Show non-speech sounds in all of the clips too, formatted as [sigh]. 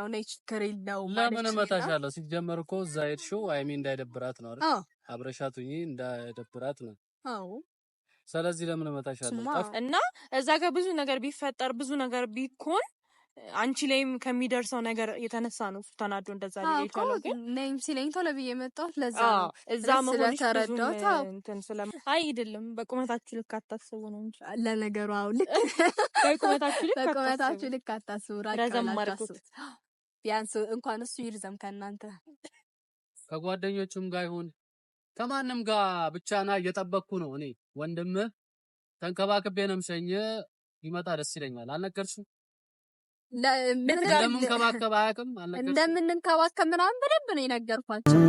ነው ነይ ችግር የለውም። ለምን እመታሻለሁ? ሲጀመር እኮ እዛ ሄድሽው አይሚ እንዳይደብራት ነው አይደል? አብረሻት ሁኚ እንዳይደብራት ነው። አዎ። ስለዚህ ለምን እመታሻለሁ? እና እዛ ጋር ብዙ ነገር ቢፈጠር ብዙ ነገር ቢኮን አንቺ ላይም ከሚደርሰው ነገር የተነሳ ነው ተናዶ እንደዛ ሊቻለ ግን ነይም ሲለኝ ቶሎ ብዬ መጣሁት። ለዛ ነው እዛ ስለም አይ አይደለም፣ በቁመታችሁ ልክ አታስቡ ነው እንጂ ለነገሩ። አዎ ልክ በቁመታችሁ ልክ አታስቡ፣ ረዘም አድርጉት ቢያንስ እንኳን እሱ ይርዘም ከእናንተ ከጓደኞቹም ጋር ይሁን ከማንም ጋር ብቻና ና እየጠበቅኩ ነው። እኔ ወንድም ተንከባክቤ ነው የምሸኝ። ቢመጣ ደስ ይለኛል። አልነገርሽም? እንደምንከባከብ አያውቅም። እንደምንንከባከብ ምናምን በደንብ ነው የነገርኳቸው።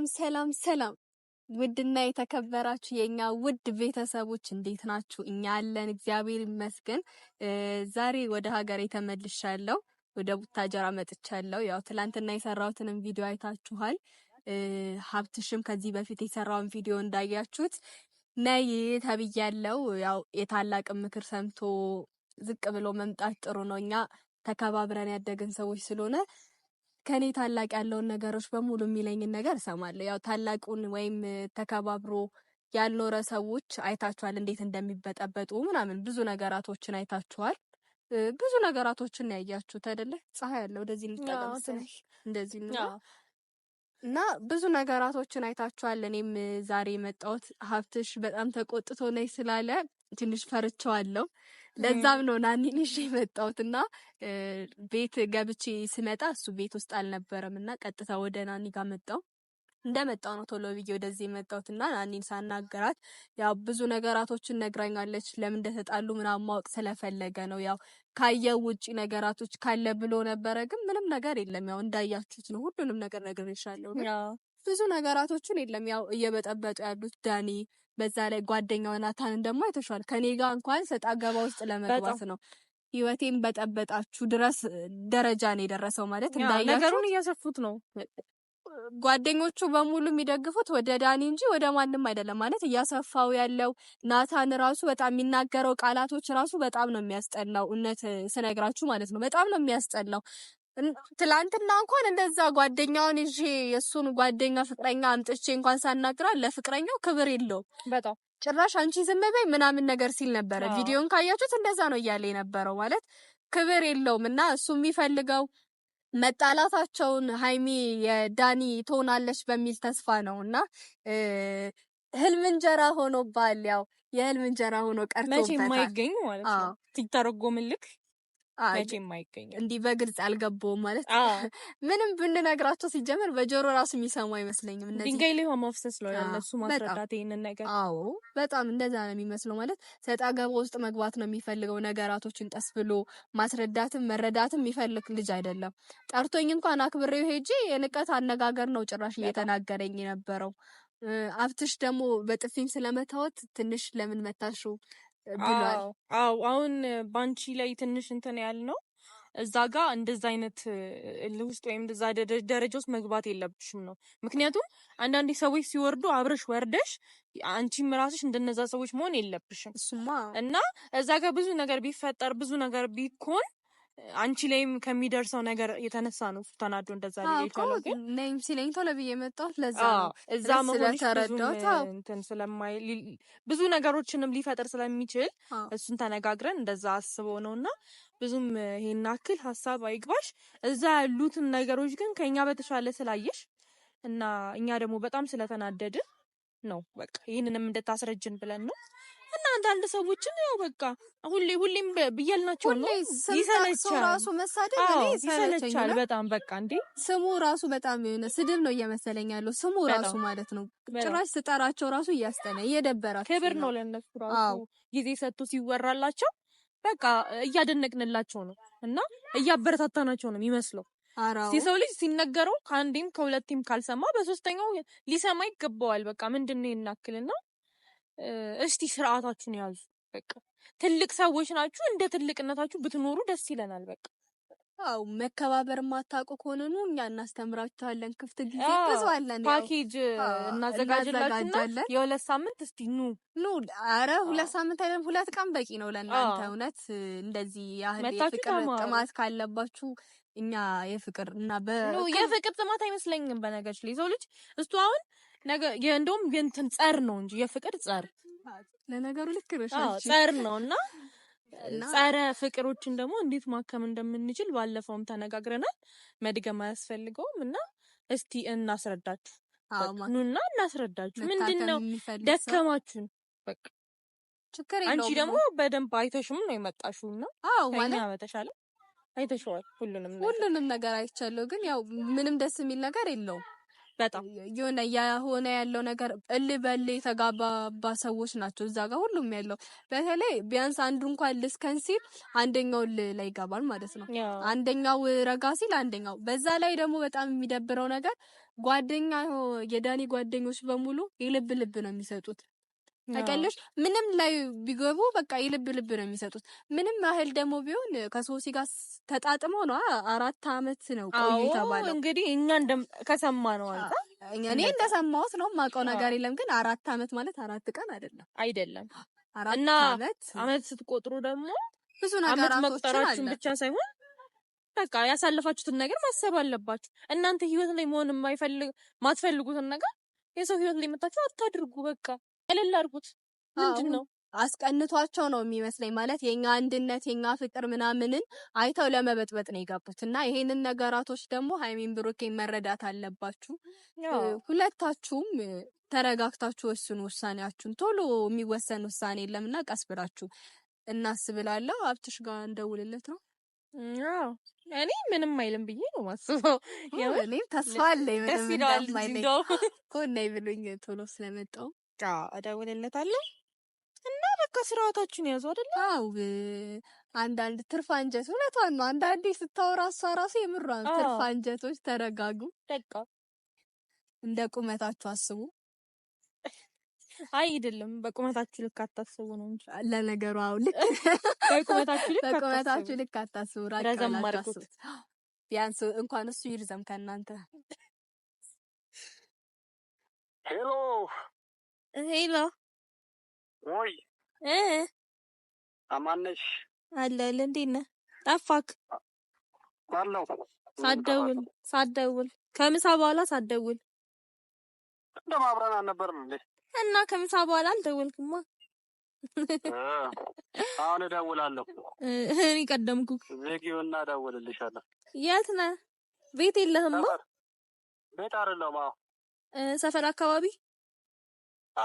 ሰላም ሰላም ሰላም፣ ውድና የተከበራችሁ የኛ ውድ ቤተሰቦች እንዴት ናችሁ? እኛ ያለን እግዚአብሔር ይመስገን። ዛሬ ወደ ሀገሬ ተመልሻለሁ። ወደ ቡታጀራ መጥቻለሁ። ያው ትላንትና የሰራሁትንም ቪዲዮ አይታችኋል። ሀብትሽም ከዚህ በፊት የሰራውን ቪዲዮ እንዳያችሁት ነይ ተብያለሁ። ያው የታላቅ ምክር ሰምቶ ዝቅ ብሎ መምጣት ጥሩ ነው። እኛ ተከባብረን ያደግን ሰዎች ስለሆነ ከኔ ታላቅ ያለውን ነገሮች በሙሉ የሚለኝን ነገር እሰማለሁ። ያው ታላቁን ወይም ተከባብሮ ያልኖረ ሰዎች አይታችኋል፣ እንዴት እንደሚበጠበጡ ምናምን ብዙ ነገራቶችን አይታችኋል። ብዙ ነገራቶችን ያያችሁት አይደለ? ፀሐይ ያለው ወደዚህ እንጠቀምስል እንደዚህ እና ብዙ ነገራቶችን አይታችኋል። እኔም ዛሬ የመጣሁት ሀብትሽ በጣም ተቆጥቶ ነኝ ስላለ ትንሽ ፈርቸዋለሁ። ለዛም ነው ናኒን ይዤ የመጣሁት እና ቤት ገብቼ ስመጣ እሱ ቤት ውስጥ አልነበረም እና ቀጥታ ወደ ናኒ ጋር መጣው እንደመጣው ነው ቶሎ ብዬ ወደዚህ የመጣሁት እና ናኒን ሳናገራት ያው ብዙ ነገራቶችን ነግራኛለች። ለምን እንደተጣሉ ምናምን ማወቅ ስለፈለገ ነው። ያው ካየው ውጪ ነገራቶች ካለ ብሎ ነበረ፣ ግን ምንም ነገር የለም። ያው እንዳያችሁት ነው። ሁሉንም ነገር ነግሬሻለሁ። ብዙ ነገራቶችን የለም ያው እየበጠበጡ ያሉት ዳኒ በዛ ላይ ጓደኛው ናታንን ደግሞ አይተሸዋል። ከኔ ጋር እንኳን ሰጣ ገባ ውስጥ ለመግባት ነው። ህይወቴን በጠበጣችሁ ድረስ ደረጃ ነው የደረሰው ማለት እንዳያችሁ ነገሩን እያሰፉት ነው። ጓደኞቹ በሙሉ የሚደግፉት ወደ ዳኒ እንጂ ወደ ማንም አይደለም። ማለት እያሰፋው ያለው ናታን ራሱ በጣም የሚናገረው ቃላቶች ራሱ በጣም ነው የሚያስጠላው። እውነት ስነግራችሁ ማለት ነው በጣም ነው የሚያስጠላው። ትላንትና እንኳን እንደዛ ጓደኛውን ይዤ የእሱን ጓደኛ ፍቅረኛ አምጥቼ እንኳን ሳናግራ ለፍቅረኛው ክብር የለውም በጣም ጭራሽ አንቺ ዝም በይ ምናምን ነገር ሲል ነበረ። ቪዲዮን ካያችሁት እንደዛ ነው እያለ የነበረው ማለት ክብር የለውም እና እሱ የሚፈልገው መጣላታቸውን ሀይሚ የዳኒ ትሆናለች በሚል ተስፋ ነው እና ህልም እንጀራ ሆኖባል። ያው የህልም እንጀራ ሆኖ ቀርቶበታል። መቼ የማይገኝ ማለት ነው። ትተረጎምልክ መቼም አይገኝ እንዲህ በግልጽ አልገባውም ማለት [laughs] ምንም ብንነግራቸው ሲጀመር በጆሮ ራሱ የሚሰሙ አይመስለኝም። ድንጋይ ላይ ማፍሰስ ነው ያለሱ ማስረዳት ይህንን ነገር። አዎ በጣም እንደዛ ነው የሚመስለው። ማለት ሰጣ ገባ ውስጥ መግባት ነው የሚፈልገው። ነገራቶችን ጠስ ብሎ ማስረዳትም መረዳትም የሚፈልግ ልጅ አይደለም። ጠርቶኝ እንኳን አክብሬው ሄጄ የንቀት አነጋገር ነው ጭራሽ እየተናገረኝ የነበረው። አብትሽ ደግሞ በጥፊም ስለመታወት ትንሽ ለምን መታሹ ብሏል። አዎ አሁን ባንቺ ላይ ትንሽ እንትን ያል ነው እዛ ጋ እንደዛ አይነት ውስጥ ወይም እንደዛ ደረጃ ውስጥ መግባት የለብሽም ነው። ምክንያቱም አንዳንዴ ሰዎች ሲወርዱ አብረሽ ወርደሽ አንቺም ራስሽ እንደነዛ ሰዎች መሆን የለብሽም እና እዛ ጋ ብዙ ነገር ቢፈጠር ብዙ ነገር ቢኮን አንቺ ላይም ከሚደርሰው ነገር የተነሳ ነው ተናዶ እንደዛ ሊቻለው። ግን ነይም ሲለኝ ቶሎ ብዬ መጣሁት። ለዛ ነው እዛ መሆንሽለተረዳውትን ስለማይ ብዙ ነገሮችንም ሊፈጥር ስለሚችል እሱን ተነጋግረን እንደዛ አስበው ነው እና ብዙም ይሄን አክል ሀሳብ አይግባሽ። እዛ ያሉትን ነገሮች ግን ከእኛ በተሻለ ስላየሽ እና እኛ ደግሞ በጣም ስለተናደድን ነው በቃ ይህንንም እንደታስረጅን ብለን ነው እና አንዳንድ ሰዎችን ያው በቃ ሁሌ ሁሌም ብያልናቸው ነው ይሰለቻል ራሱ መሳደብ ይሰለቻል በጣም በቃ እንዴ ስሙ ራሱ በጣም የሆነ ስድብ ነው እየመሰለኝ ያለው ስሙ ራሱ ማለት ነው። ጭራሽ ስጠራቸው ራሱ እያስጠነ እየደበራቸው ክብር ነው ለነሱ ራሱ ጊዜ ሰጥቶ ሲወራላቸው በቃ እያደነቅንላቸው ነው እና እያበረታታናቸው ነው የሚመስለው። የሰው ልጅ ሲነገረው ከአንዴም ከሁለቴም ካልሰማ በሶስተኛው ሊሰማ ይገባዋል። በቃ ምንድን ነው ይናክልና እስቲ ስርዓታችሁን ያዙ። በቃ ትልቅ ሰዎች ናችሁ፣ እንደ ትልቅነታችሁ ብትኖሩ ደስ ይለናል። በቃ አው መከባበር የማታውቁ ከሆነ ነው እኛ እናስተምራችኋለን። ክፍት ጊዜ ብዙ አለን፣ ፓኬጅ እናዘጋጅላችሁና የሁለት ሳምንት እስቲ ኑ ኑ። አረ ሁለት ሳምንት አይደለም ሁለት ቀን በቂ ነው ለእናንተ። እውነት እንደዚህ ያህል የፍቅር ጥማት ካለባችሁ እኛ የፍቅር እና የፍቅር ጥማት አይመስለኝም። በነገች ላይ ሰው ልጅ እስቱ አሁን እንደውም እንትን ጸር ነው እንጂ የፍቅር ጸር ለነገሩ ልክ ነሽ። አዎ ጸር ነው እና ጸረ ፍቅሮችን ደግሞ እንዴት ማከም እንደምንችል ባለፈውም ተነጋግረናል። መድገም አያስፈልገውም እና እስቲ እናስረዳችሁ፣ ኑና እናስረዳችሁ። ምንድን ነው ደከማችሁን በቃ ችግር አንቺ ደግሞ በደንብ አይተሽም ነው የመጣሽው እና ከኛ በተሻለ አይተሽዋል። ሁሉንም ሁሉንም ነገር አይቻለሁ፣ ግን ያው ምንም ደስ የሚል ነገር የለውም በጣም የሆነ የሆነ ያለው ነገር እል በል የተጋባባ ሰዎች ናቸው እዛ ጋር ሁሉም ያለው። በተለይ ቢያንስ አንዱ እንኳን ልስከን ሲል አንደኛው ል ላይ ይገባል ማለት ነው። አንደኛው ረጋ ሲል አንደኛው። በዛ ላይ ደግሞ በጣም የሚደብረው ነገር ጓደኛ የዳኒ ጓደኞች በሙሉ የልብ ልብ ነው የሚሰጡት ታውቂያለሽ ምንም ላይ ቢገቡ በቃ የልብ ልብ ነው የሚሰጡት። ምንም ያህል ደግሞ ቢሆን ከሶሲ ጋር ተጣጥሞ ነው አራት አመት ነው ቆዩ የተባለው። እንግዲህ እኛ ከሰማ ነው አ እኔ እንደሰማሁት ነው የማውቀው ነገር የለም ግን አራት አመት ማለት አራት ቀን አይደለም አይደለም እና አመት ስትቆጥሩ ደግሞ ብዙ ነገር አመት መቁጠራችሁን ብቻ ሳይሆን በቃ ያሳለፋችሁትን ነገር ማሰብ አለባችሁ። እናንተ ህይወት ላይ መሆን የማይፈልግ ማትፈልጉትን ነገር የሰው ህይወት ላይ መታችሁ አታድርጉ በቃ ቀለል አድርጉት። ምንድን ነው አስቀንቷቸው ነው የሚመስለኝ። ማለት የኛ አንድነት የኛ ፍቅር ምናምንን አይተው ለመበጥበጥ ነው የገቡት እና ይሄንን ነገራቶች ደግሞ ሀይሚን ብሩኬን መረዳት አለባችሁ። ሁለታችሁም ተረጋግታችሁ ወስኑ ውሳኔያችሁን። ቶሎ የሚወሰን ውሳኔ የለምና ቀስ ብላችሁ እናስብላለሁ። አብትሽ ጋር እንደውልለት ነው እኔ ምንም አይልም ብዬ ነው ማስበው። እኔም ተስፋ አለኝ ምንም እንደማይለኝ እኮ ብሎኝ ቶሎ ስለመጣው በቃ እደውልለታለሁ እና በቃ ስርዓታችን ያዙ አይደለ? አው አንዳንድ ትርፍ አንጀት እውነቷን ነው። አንዳንዴ ስታወራ እሷ ራሱ የምሯን ትርፍ አንጀቶች ተረጋጉ፣ በቃ እንደ ቁመታችሁ አስቡ። አይ አይደለም፣ በቁመታችሁ ልክ አታስቡ ነው እንጂ ለነገሩ፣ አው ልክ በቁመታችሁ ልክ ልክ አታስቡ። ቢያንስ እንኳን እሱ ይርዘም ከእናንተ ሄሎ ሄሎ ወይ እ አማነሽ አለል እንዴት ነህ? ጠፋክ። ባለው ሳደውል ሳደውል ከምሳ በኋላ ሳደውል እንደውም አብረን አልነበረም እንዴ? እና ከምሳ በኋላ አልደወልክማ። አሁን እደውላለሁ። እኔ ቀደምኩ። ዘጊውና እደውልልሻለሁ። የት ነህ? ቤት የለህማ? ቤት አይደለሁም። ሰፈር አካባቢ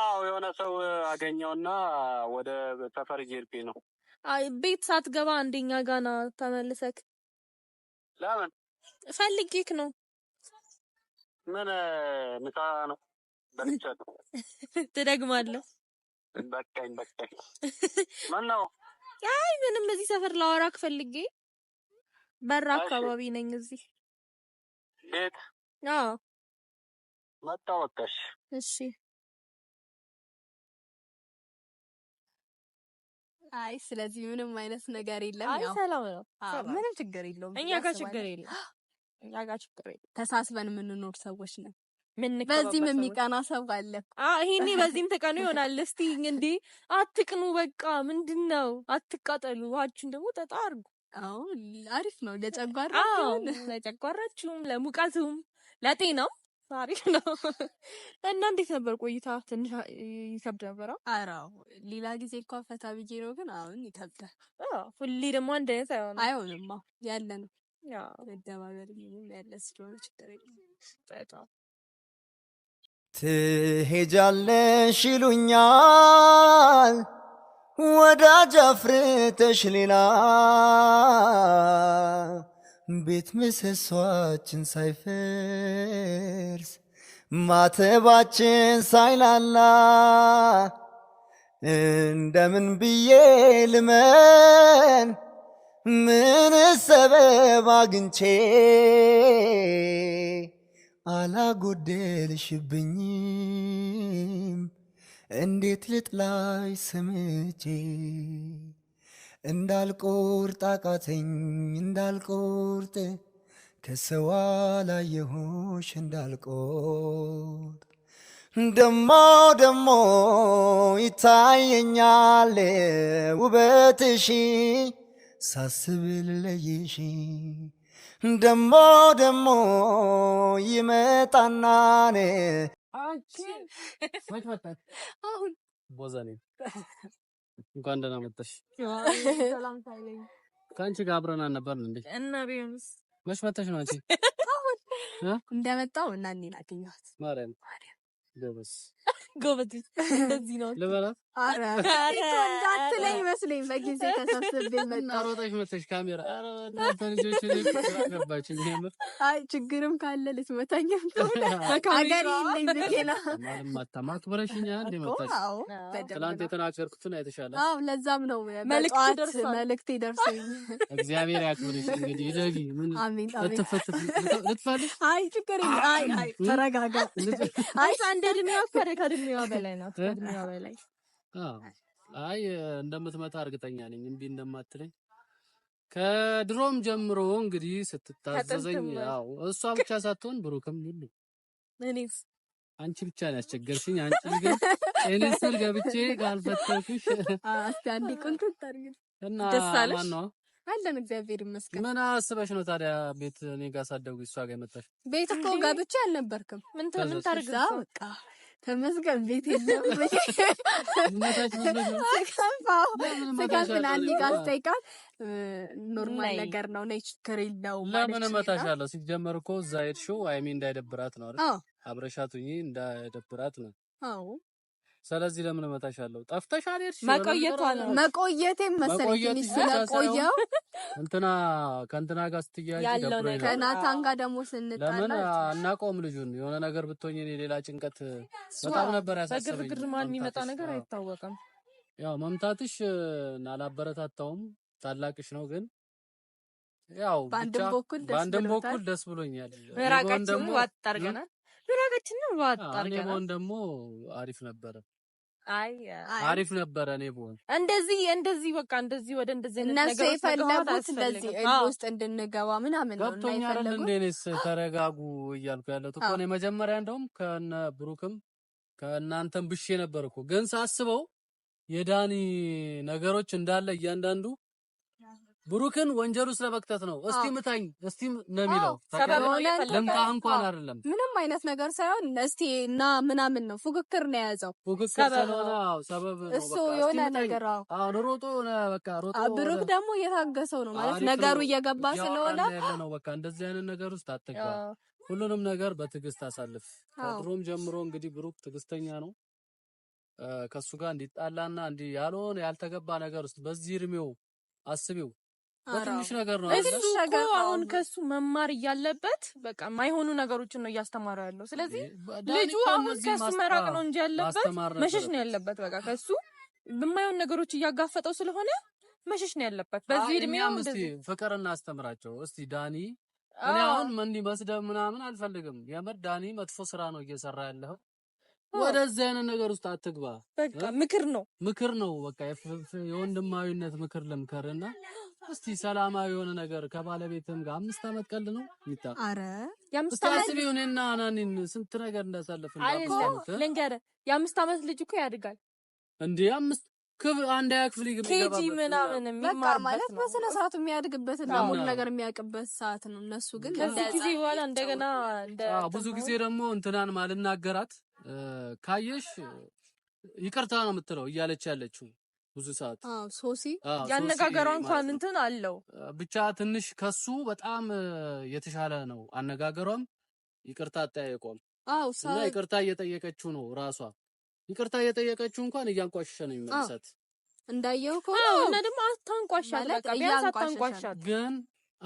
አዎ የሆነ ሰው አገኘውና ወደ ሰፈር ጄርፒ ነው። አይ ቤት ሳትገባ አንደኛ ጋና ተመልሰክ ለምን ፈልጌክ ነው። ምን ምሳ ነው በልቻለሁ። [laughs] ትደግማለሁ። በቃኝ በቃኝ። ምን ነው? አይ ምንም እዚህ ሰፈር ላወራክ ፈልጌ በር አካባቢ ነኝ። እዚህ ቤት አዎ መጣ። ወጣሽ? እሺ አይ ስለዚህ ምንም አይነት ነገር የለም። አይ ሰላም ነው፣ ምንም ችግር የለውም። እኛ ጋር ችግር የለም፣ [gasps] እኛ ጋር ችግር የለም። ተሳስበን የምንኖር ሰዎች ነን። በዚህም የሚቀና ሰው አለ። ይሄኔ በዚህም ተቀኑ [laughs] ይሆናል። እስቲ እንዴ አትቅኑ፣ በቃ ምንድን ነው አትቃጠሉ። ውሃችሁን ደግሞ ጠጣ አድርጉ። አሪፍ ነው ለጨጓራችሁም ለጨጓራችሁም ለሙቀቱም ለጤናው ታሪክ [laughs] ነው እና እንዴት ነበር ቆይታ? ትንሽ ይከብድ ነበረ? ኧረ ሌላ ጊዜ እንኳ ፈታ ብዬ ነው፣ ግን አሁን ይከብዳል። ሁሌ ደግሞ አንድ አይነት አይሆንም። አይሆንማ ያለ ነው መደባበር ያለ ስለሆነ ችግር የለም። ትሄጃለሽ ይሉኛል ወዳጅ አፍርተሽ ሌላ ቤት ምሰሷችን ሳይፈርስ ማተባችን ሳይላላ እንደምን ብዬ ልመን ምን ሰበብ አግኝቼ አላጎደልሽብኝም እንዴት ልጥላይ ስምቼ እንዳልቆርጥ አቃተኝ እንዳልቆርጥ ከሰው አላየሁሽ እንዳልቆርጥ ደሞ ደሞ ይታየኛል ውበትሽ ሳስብ ልለይሽ ደሞ ደሞ ይመጣናኔ! እንኳን ደህና መጣሽ። ከአንቺ ጋር አብረን አልነበርን እንዴ? እና ቢሆንስ መች መጣሽ ነው አንቺ? እንደመጣው እና እኔን አገኘኋት። ማርያም [laughs] ጎበዝ፣ እንደዚህ ነው ልበላት እንዳትለ ይመስለኝ በጊዜ ተሰብስቤ መጣሮጠሽ ካሜራ ልጆች ችግርም ካለ ልትመታኝ ሀገር የለኝ ብጌላ ማክበረሽኛ እንደ የተናገርኩትን አይተሻለ። ለዛም ነው በጠዋት መልእክቴ እግዚአብሔር ያክብርሽ። እንግዲህ ደጊ ምን አይ ችግር ተረጋጋ። አንተ እንደ እድሜዋ ከእድሜዋ በላይ ናት። ከእድሜዋ በላይ አይ እንደምትመታ እርግጠኛ ነኝ። እምቢ እንደማትለኝ ከድሮም ጀምሮ እንግዲህ ስትታዘዘኝ፣ ያው እሷ ብቻ ሳትሆን ብሩክም ሁሉ እኔስ አንቺ ብቻ ነው ያስቸገርሽኝ። አንቺ [laughs] ግን እኔ ስር ገብቼ ካልፈተኩሽ አስቲ አንዴ ቁንጥጥ አድርጊ እና ማን ነው አለን። እግዚአብሔር ይመስገን። ምን አስበሽ ነው ታዲያ ቤት እኔ ጋር ሳደጉ እሷ ጋር የመጣሽ? ቤት እኮ ጋር ብቻ አልነበርክም። ምን ምን ታርግዛ በቃ ተመስገን ቤት የለም። ተከፋው ተከፍን አንድ ኖርማል ነገር ነው። ነች ከሬላው ለምን እመታሻለሁ? ሲጀመር እኮ እዛ ሄድሽው አይሚ እንዳይደብራት ነው አይደል? አብረሻት እንዳይደብራት ነው። አዎ ስለዚህ ለምን እመጣሻለሁ? ጠፍተሻል። መቆየቷ ነው መቆየቴም መሰለኝ ስለቆየው እንትና ከእንትና ጋር ስትያያጅ ከናታን ጋር ደግሞ ስንጣላ ለምን አናቆም? ልጁን የሆነ ነገር ብትሆኝ እኔ ሌላ ጭንቀት በጣም ነበር ያሳሰበኝ። በግርግር ማን የሚመጣ ነገር አይታወቅም። ያው መምታትሽ አላበረታታውም። ታላቅሽ ነው ግን ያው በአንድም በኩል ደስ ብሎኛል። ምራቃችን ዋጥ አድርገናል። ምራቃችን ዋጥ አድርገናል። ደግሞ አሪፍ ነበረ። አሪፍ ነበረ። እኔ በሆን እንደዚህ እንደዚህ በቃ እንደዚህ ወደ እንደዚህ እነሱ የፈለጉት እንደዚህ ውስጥ እንድንገባ ምናምን ገብቶኛል። እንደኔስ ተረጋጉ እያልኩ ያለት እኮ እኔ መጀመሪያ እንደውም ከነ ብሩክም ከእናንተም ብሼ ነበር እኮ ግን ሳስበው የዳኒ ነገሮች እንዳለ እያንዳንዱ ብሩክን ወንጀል ውስጥ ስለመክተት ነው። እስቲ ምታኝ፣ እስቲ ነው የሚለው። ልምታ እንኳን አይደለም ምንም አይነት ነገር ሳይሆን እስቲ እና ምናምን ነው፣ ፉክክር ነው የያዘው። ፉክክር ስለሆነ ሰበብ እሱ የሆነ ነገር ሮጦ በቃ ሮጦ። ብሩክ ደግሞ እየታገሰው ነው ማለት ነገሩ እየገባ ስለሆነ ነው። በቃ እንደዚህ አይነት ነገር ውስጥ አትገባ። ሁሉንም ነገር በትዕግስት አሳልፍ። ከድሮም ጀምሮ እንግዲህ ብሩክ ትዕግስተኛ ነው። ከእሱ ጋር እንዲጣላና እንዲህ ያልሆነ ያልተገባ ነገር ውስጥ በዚህ እድሜው አስቢው በትንሽ ነገር ነው። እሱ እኮ አሁን ከሱ መማር እያለበት በቃ ማይሆኑ ነገሮችን ነው እያስተማረ ያለው። ስለዚህ ልጁ አሁን ከሱ መራቅ ነው እንጂ ያለበት መሸሽ ነው ያለበት። በቃ ከሱ በማይሆን ነገሮች እያጋፈጠው ስለሆነ መሸሽ ነው ያለበት። በዚህ እድሜም ፍቅርና አስተምራቸው እስቲ ዳኒ። እኔ አሁን መንዲ መስደብ ምናምን አልፈልግም። የምር ዳኒ መጥፎ ስራ ነው እየሰራ ያለው። ወደዚህ አይነት ነገር ውስጥ አትግባ። በቃ ምክር ነው ምክር ነው በቃ የወንድማዊነት ምክር ልምከርና እስቲ ሰላማዊ የሆነ ነገር ከባለቤትም ጋር አምስት አመት ቀልድ ነው ይታ አረ የአምስት አመት ዓመት ቢሆንና አናኒን ስንት ነገር እንዳሳለፍን ልንገርህ። የአምስት አመት ልጅ እኮ ያድጋል እንዴ አምስት ክብ አንድ ያ ክፍል ይገባ ኬጂ ምናምን የሚማር ማለት በስነ ስርዓቱ የሚያድግበት እና ሙሉ ነገር የሚያውቅበት ሰዓት ነው። እነሱ ግን ከዚህ ጊዜ በኋላ እንደገና ብዙ ጊዜ ደግሞ እንትናን ማልናገራት ካየሽ ይቅርታ ነው የምትለው እያለች ያለችው ብዙ ሰዓት ሶሲ ያነጋገሯ እንኳን እንትን አለው ብቻ ትንሽ ከሱ በጣም የተሻለ ነው አነጋገሯም። ይቅርታ አጠያየቋም እና ይቅርታ እየጠየቀችው ነው ራሷ ይቅርታ እየጠየቀችው እንኳን እያንቋሸሸ ነው የሚመልሰት እንዳየው ከሆነ እና ደግሞ አታንቋሻት፣ በቃ ቢያንስ አታንቋሻት። ግን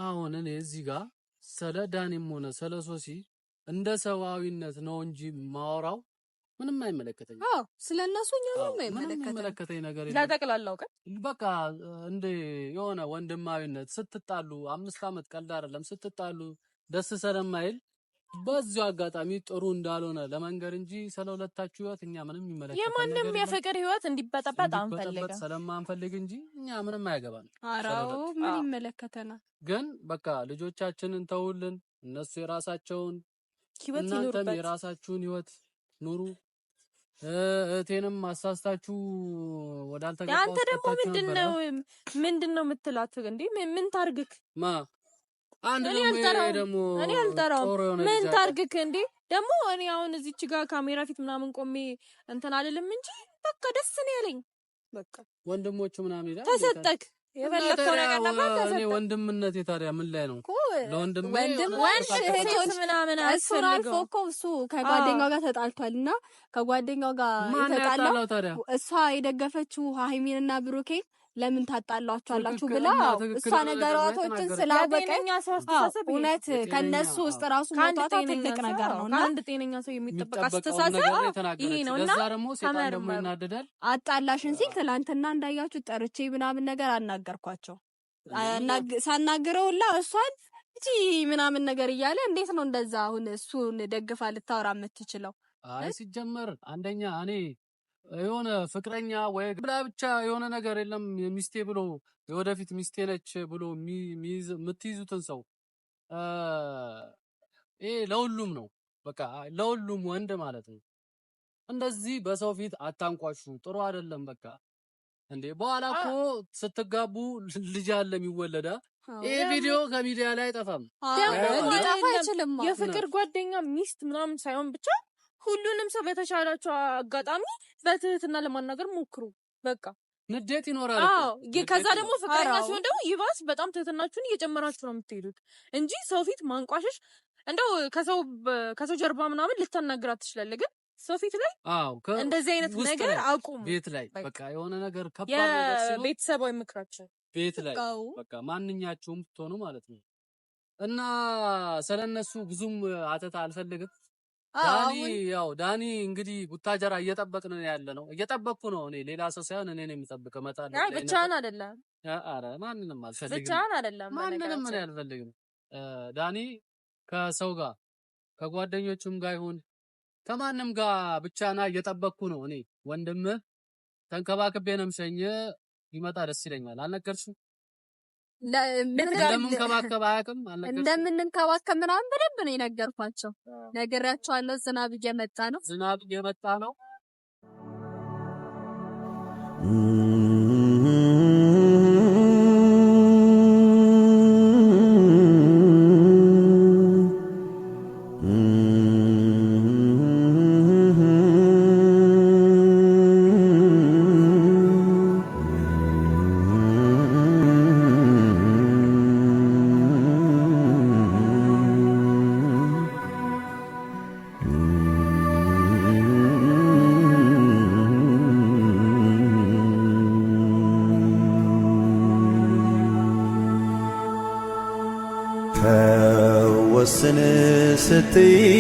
አሁን እኔ እዚህ ጋር ስለ ዳኔም ሆነ ስለ ሶሲ እንደ ሰብአዊነት ነው እንጂ ማወራው ምንም አይመለከተኝ። አዎ ስለ እነሱ እኛ ምንም አይመለከተኝ ነገር የለም። ለጠቅላላው ቀን በቃ እንደ የሆነ ወንድማዊነት ስትጣሉ አምስት ዓመት ቀልድ አይደለም። ስትጣሉ ደስ ስለማይል በዚሁ አጋጣሚ ጥሩ እንዳልሆነ ለመንገር እንጂ ስለ ሁለታችሁ ህይወት እኛ ምንም ይመለከተን የማንም የፍቅር ህይወት እንዲበጠበጥ አንፈልግም። ስለማንፈልግ እንጂ እኛ ምንም አያገባን። አራው ምን ይመለከተናል? ግን በቃ ልጆቻችንን ተውልን። እነሱ የራሳቸውን ህይወት፣ እናንተም የራሳችሁን ህይወት ኑሩ። እቴንም አሳስታችሁ ወደ አንተ ገባ። አንተ ደግሞ ምንድነው ምንድነው የምትላት እንዴ? ምን ታርግክ? ማ አንድ ደግሞ እኔ አልጠራውም። ምን ታርግክ እንዴ? ደግሞ እኔ አሁን እዚች ጋር ካሜራ ፊት ምናምን ቆሜ እንትን አልልም እንጂ በቃ ደስ ነው ያለኝ። በቃ ወንድሞቹ ምናምን ይላል ተሰጠክ የፈለግከው ነገር ነበር። ወንድምነት የታዲያ ምን ላይ ነው? ለወንድም ወንድም እህቶች ምናምን እሱ አልፎ እኮ እሱ ከጓደኛው ጋር ተጣልቷል እና ከጓደኛው ጋር ተጣላው። እሷ የደገፈችው ሀይሚንና ብሩኬን ለምን ታጣላችሁ አላችሁ ብላ እሷ ነገራቶችን አስተሳሰብ እውነት ከነሱ ውስጥ ራሱ መቷታ ትልቅ ነገር ነው። እና አንድ ጤነኛ ሰው የሚጠበቅ አስተሳሰብ ይሄ ነው። እና አጣላሽን ሲል ትላንትና እንዳያችሁ ጠርቼ ምናምን ነገር አናገርኳቸው። ሳናግረውላ እሷን እጂ ምናምን ነገር እያለ እንዴት ነው እንደዛ አሁን እሱን ደግፋ ልታወራ የምትችለው? አይ ሲጀመር አንደኛ እኔ የሆነ ፍቅረኛ ወይ ብላ ብቻ የሆነ ነገር የለም ሚስቴ ብሎ የወደፊት ሚስቴ ነች ብሎ የምትይዙትን ሰው ይሄ ለሁሉም ነው። በቃ ለሁሉም ወንድ ማለት ነው። እንደዚህ በሰው ፊት አታንቋሹ፣ ጥሩ አይደለም። በቃ እንዴ በኋላ እኮ ስትጋቡ ልጅ አለ የሚወለዳ። ይሄ ቪዲዮ ከሚዲያ ላይ አይጠፋም፣ አይችልም። የፍቅር ጓደኛ ሚስት ምናምን ሳይሆን ብቻ ሁሉንም ሰው በተሻላቸው አጋጣሚ በትህትና ለማናገር ሞክሩ። በቃ ንዴት ይኖራል። አዎ፣ ከዛ ደግሞ ፍቅረኛ ሲሆን ደግሞ ይባስ በጣም ትህትናችሁን እየጨመራችሁ ነው የምትሄዱት እንጂ ሰው ፊት ማንቋሸሽ እንደው ከሰው ከሰው ጀርባ ምናምን ልታናግራት ትችላለህ፣ ግን ሰው ፊት ላይ እንደዚህ አይነት ነገር አቁም። ቤት ላይ በቃ የሆነ ነገር ከባድ ነገር ሲሆን ቤት ላይ በቃ ማንኛቸውም ብትሆኑ ማለት ነው እና ስለነሱ ብዙም አተት አልፈልግም። ዳኒ ያው ዳኒ እንግዲህ ቡታጀራ እየጠበቅን ነው ያለ ነው። እየጠበቅኩ ነው እኔ ሌላ ሰው ሳይሆን እኔ ነው የምጠብቀው። እመጣለሁ። አይ ብቻህን አይደለም። አረ ማንንም አልፈልግም። ብቻህን አይደለም። ማንንም እኔ አልፈልግም። ዳኒ ከሰው ጋር ከጓደኞቹም ጋር ይሁን ከማንም ጋር ብቻና ና፣ እየጠበቅኩ ነው እኔ። ወንድምህ ተንከባክቤ ነው የምሸኝህ። ቢመጣ ደስ ይለኛል። አልነገርሽም እንደምንንከባከብ ምናምን በደንብ ነው የነገርኳቸው። ነግሬያቸዋለሁ። ዝናብ እየመጣ ነው። ዝናብ እየመጣ ነው። 对。